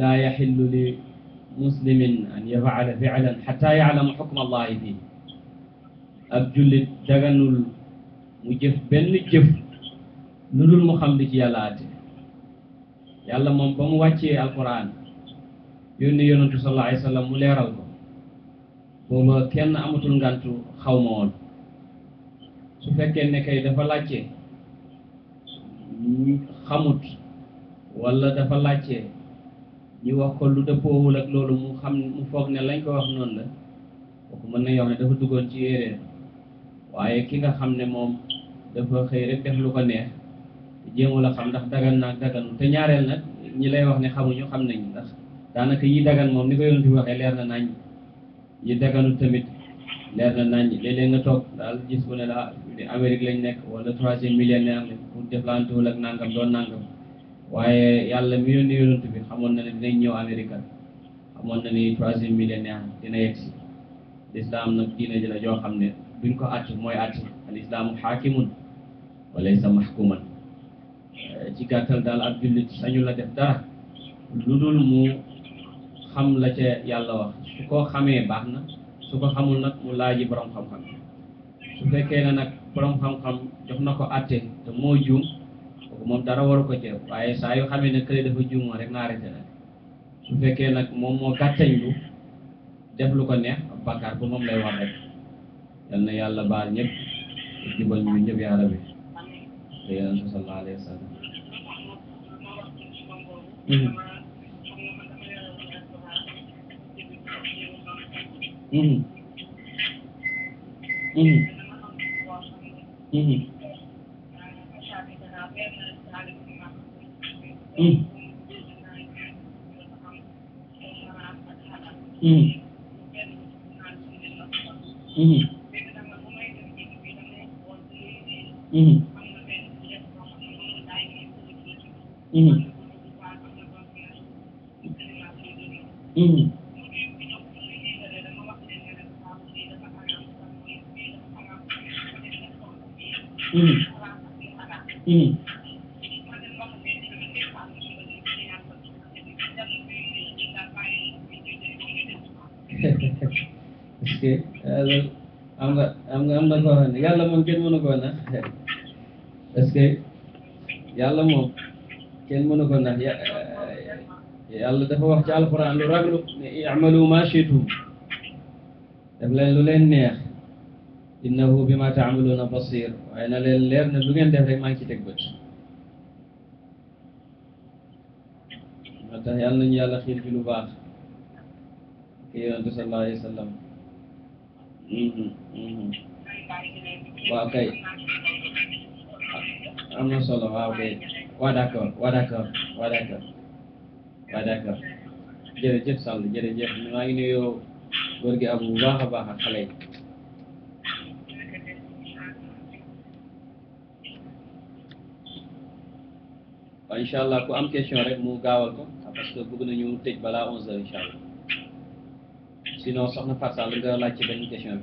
laa yaxillu li muslimin an yafaala filan xata yaclama xukma allahi fii ab jullit daganul mu jëf benn jëf lu dul mu xam li ci yàlla àtte yàlla moom ba mu wàccee alquran yónni yonantu sallallahu alayhi wa sallam mu leeral ko booba kenn amatul ngantu xaw ma woon su fekkee ne kay dafa laajte xamut wala dafa laajte ñu wax ko lu dëppoowul ak loolu mu xam mu foog ne lañ ko wax noonu la kooku mën na yox dafa duggoon ci erreur waaye ki nga xam ne moom dafa xëy rek def lu ko neex jéemul la xam ndax naa naag daganul te ñaareel nag ñi lay wax ne xamuñu xam nañ ndax daanaka yi dagan moom ni ko yonent bi waxee leer na nañ yi daganul tamit leer na nañ léeg-léeg nga toog daal gis bu ne la ah, Amérique lañ nekk wala troisième millionnaire pour jëflantuwul ak nangam doon nangam waaye yàlla mi yónni yonent bi xamoon na ne dinañ ñëw Amérique xamoon na ni troisième millénaire dina yegsi lislaam nag diina ji la joo xam ne duñ ko àtt mooy àtt al islaamu xaakimun wala sa maxkuman ci gàttal daal ab jullit sañula la def dara lu dul mu xam la ca yàlla wax su ko xamee baax na su ko xamul nag mu laaji borom xam-xam su fekkee ne nag borom xam-xam jox na ko àtte te moo juum moom dara waru ko ceeb waaye saa yu xamee ne kële dafa juumoo rek na arrêté nag su fekkee nag moom moo gàttañlu def lu ko neex bàkkaar bu moom lay wax rek yal na yàlla baal ñëpp jubal ñu ñëpp yàlla bi te yonent bi sallallahu alayhi wa sallam Mm-hmm. Mm-hmm. Mm-hmm. mm-hmm. Mm. Mm. Mm. Mm. Mm. Mm. Mm. Mm. parce que alors am nga am nga am na koo xam ne yàlla moom kenn mënu koo nax parce que yàlla moom kenn mënu koo nax yàlla eh, dafa wax ci alquran lu raglu ne i'malu ma shi'tum def leen lu leen neex innahu bima ta'maluna basir waaye na leen leer na lu ngeen def rek maa ngi ci teg bët tax yàlla nañu yàlla xiir ci lu baax mm-hmm, mm-hmm. na solo waaw kay waa d'accord waa d'accord waa d'accord waa d'accord jërëjëf Sall jërëjëf maa ngi abu bu baax xale yi allah ku am question rek mu gaawal parce que bëgg nañu tëj balaa onze heures incha allah sinon soxna Fatou Sall nga laaj ci benn question bi.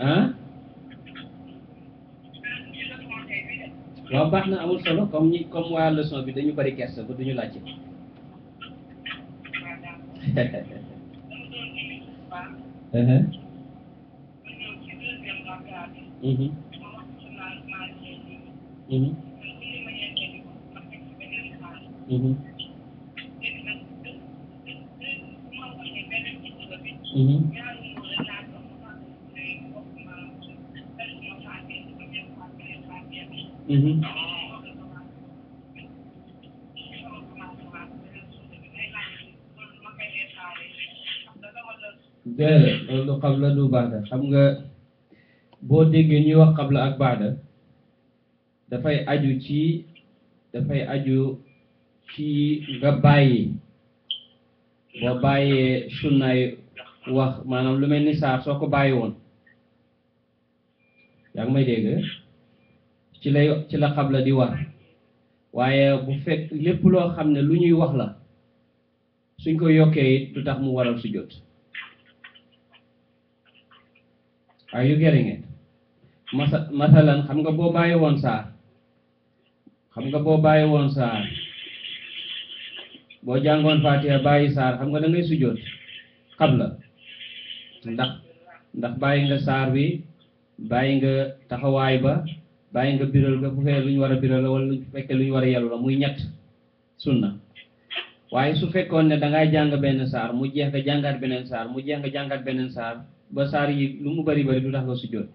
ah. waaw baax na amul solo comme ñi comme waa leçon bi dañu bari kersa ba duñu laajte. waaw. déedéet loolu du xabla du baada xam nga boo déggee ñuy wax xabla ak dafay aju ci dafay aju ci nga bàyyi boo bàyyee sunnaay wax maanaam lu mel ni saar soo ko bàyyi woon yaa ngi may dégg ci lay ci la xabla di war waaye bu fekk lépp loo xam ne lu ñuy wax la suñ ko yokkee it du tax mu waral su jot are you getting masa masalan xam nga boo bàyyi woon saar xam nga boo bàyyi woon saar boo jàngoon Faatiha bàyyi saar xam nga da ngay sujjoot xabla ndax ndax bàyyi nga saar bi bàyyi nga taxawaay ba bàyyi nga biral ga bu fekkee lu ñu war a biral la wala lu fekkee lu war a yelu la muy ñett sunna waaye su fekkoon ne dangay jàng benn saar mu jeex nga jàngaat beneen saar mu jeex nga jàngaat beneen saar ba saar yi lu mu bari bari du tax nga sujjoot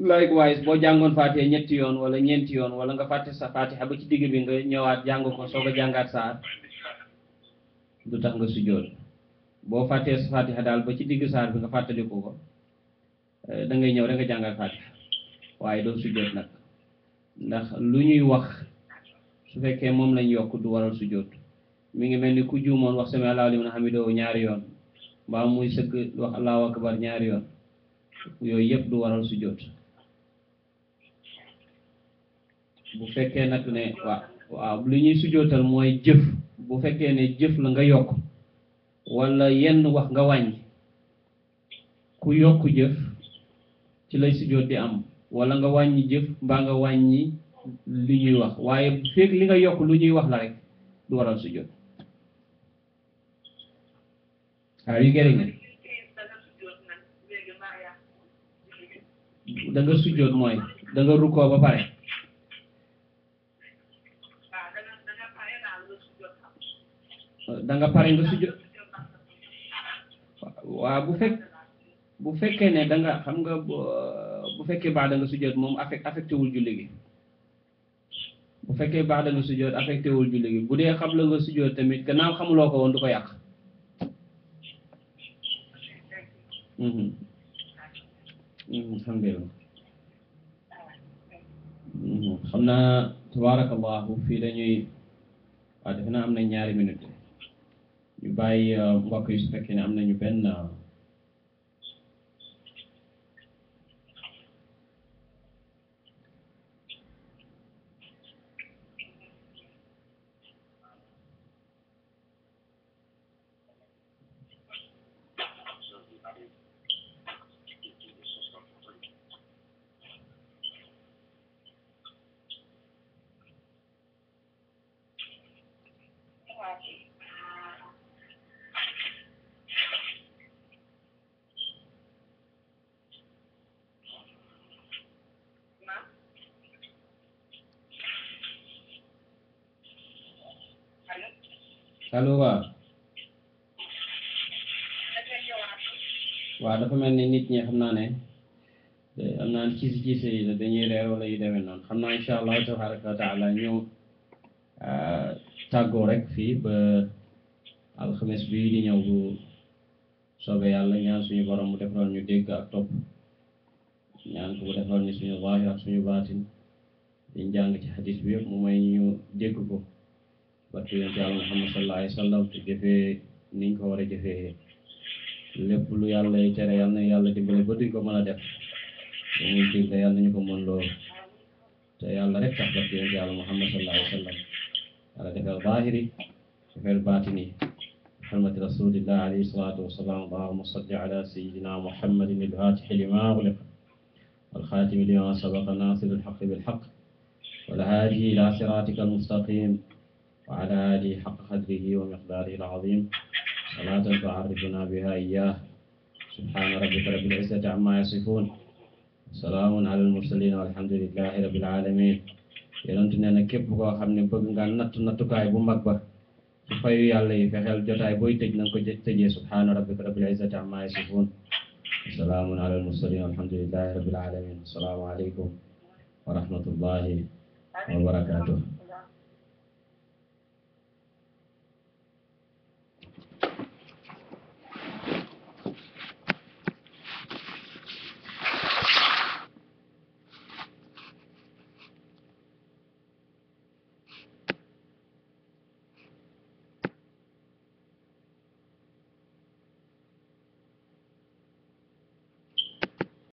likewise boo jàngoon faatiha ñetti yoon wala ñeenti yoon wala nga fàtte sa faatiha ba ci digg bi nga ñëwaat jàng ko soo a jàngaat saar du tax nga sujjoot boo fàttee sa faatiha daal ba ci digg saar bi nga fàttaliku ko eh, dangay ñëw rek nga jàngaat faatiha waaye doo sujjoot nag ndax lu ñuy wax su fekkee moom lañ yokk du waral sujjoot mu ngi mel ni ku juumoon wax sami Allahu liman hamidoo ñaari yoon mbaa muy sëgg wax allahu akbar ñaari yoon yooyu yëpp du waral sujjóot bu fekkee nag ne waaw waaw lu ñuy sujjóotal mooy jëf bu fekkee ne jëf la nga yokk walla yenn wax nga wàññi ku yokk jëf ci lay sujjóot di am walla nga wàññi jëf mbaa nga wàññi li ñuy wax waaye fekk li nga yokk lu ñuy wax la rek du waral sujjóot are you getting it da nga mooy danga nga rukkoo ba pare danga nga pare nga sujjoot waaw bu fekk bu fekkee ne danga nga xam nga bu fekkee baax da nga sujjoot moom affect affecté wul julli gi bu fekkee baax da nga sujjoot affecté wul julli gi bu dee xam la nga sujjoot tamit gannaaw xamuloo ko woon du ko yàq mhm. Mhm, alhamdulillah Mhm. xam naa tabaarakallahu fii dañuy waaw defe naa am na ñaari minute ñu bàyyi euh, mbokk yi su fekkee ne am nañu benn euh, waaw dafa mel ni nit ñi xam naa ne eh, am naa ne dañuy reer wala yu demee noonu xam naa incha allahu tabaraka wa taala ñëw ah, tàggoo rek fii ba alxames bi di ñëw bu soobee yàlla ñaan suñu borom mu defaroon ñu dégg ak topp ñaan ko mu defaroon ñu suñu zaahir ak suñu baatin liñ jàng ci xadis bi yëpp mu may ñu dégg ko barke yonent yàlla Muhammad sallallahu alayhi wa sallam te ko war a jëfee lépp lu yàlla yi tere yàlla na yàlla dimbale ba duñ ko mën a def ba muy jiw te yàlla nañu ko mën loolu te yàlla rek tax barke yonent yàlla Muhammad sallallahu alayhi wa sallam yàlla defal zaahiri defal baatini بحرمة رسول الله عليه الصلاة والسلام اللهم صل على سيدنا محمد الفاتح لما أغلق والخاتم لما سبق ناصر الحق بالحق والهادي إلى صراطك المستقيم وعلى آله حق قدره ومقداره العظيم صلاة فعرفنا بها إياه سبحان ربك رب العزة عما يصفون salaamun ala almursalin walhamdulilahi rabil alamin yonentu nee na képp koo xam ne bëgg nga nattu nattukaay bu mag ba ci fayu yàlla yi fexeel jotaay booy tëj na nga ko tëjee subhaana rabbika rabbil izzati amma yasifun salaamun ala almursalin walhamdulilahi rabil alamin assalaamu aleykum wa rahmatullahi wa barakatuh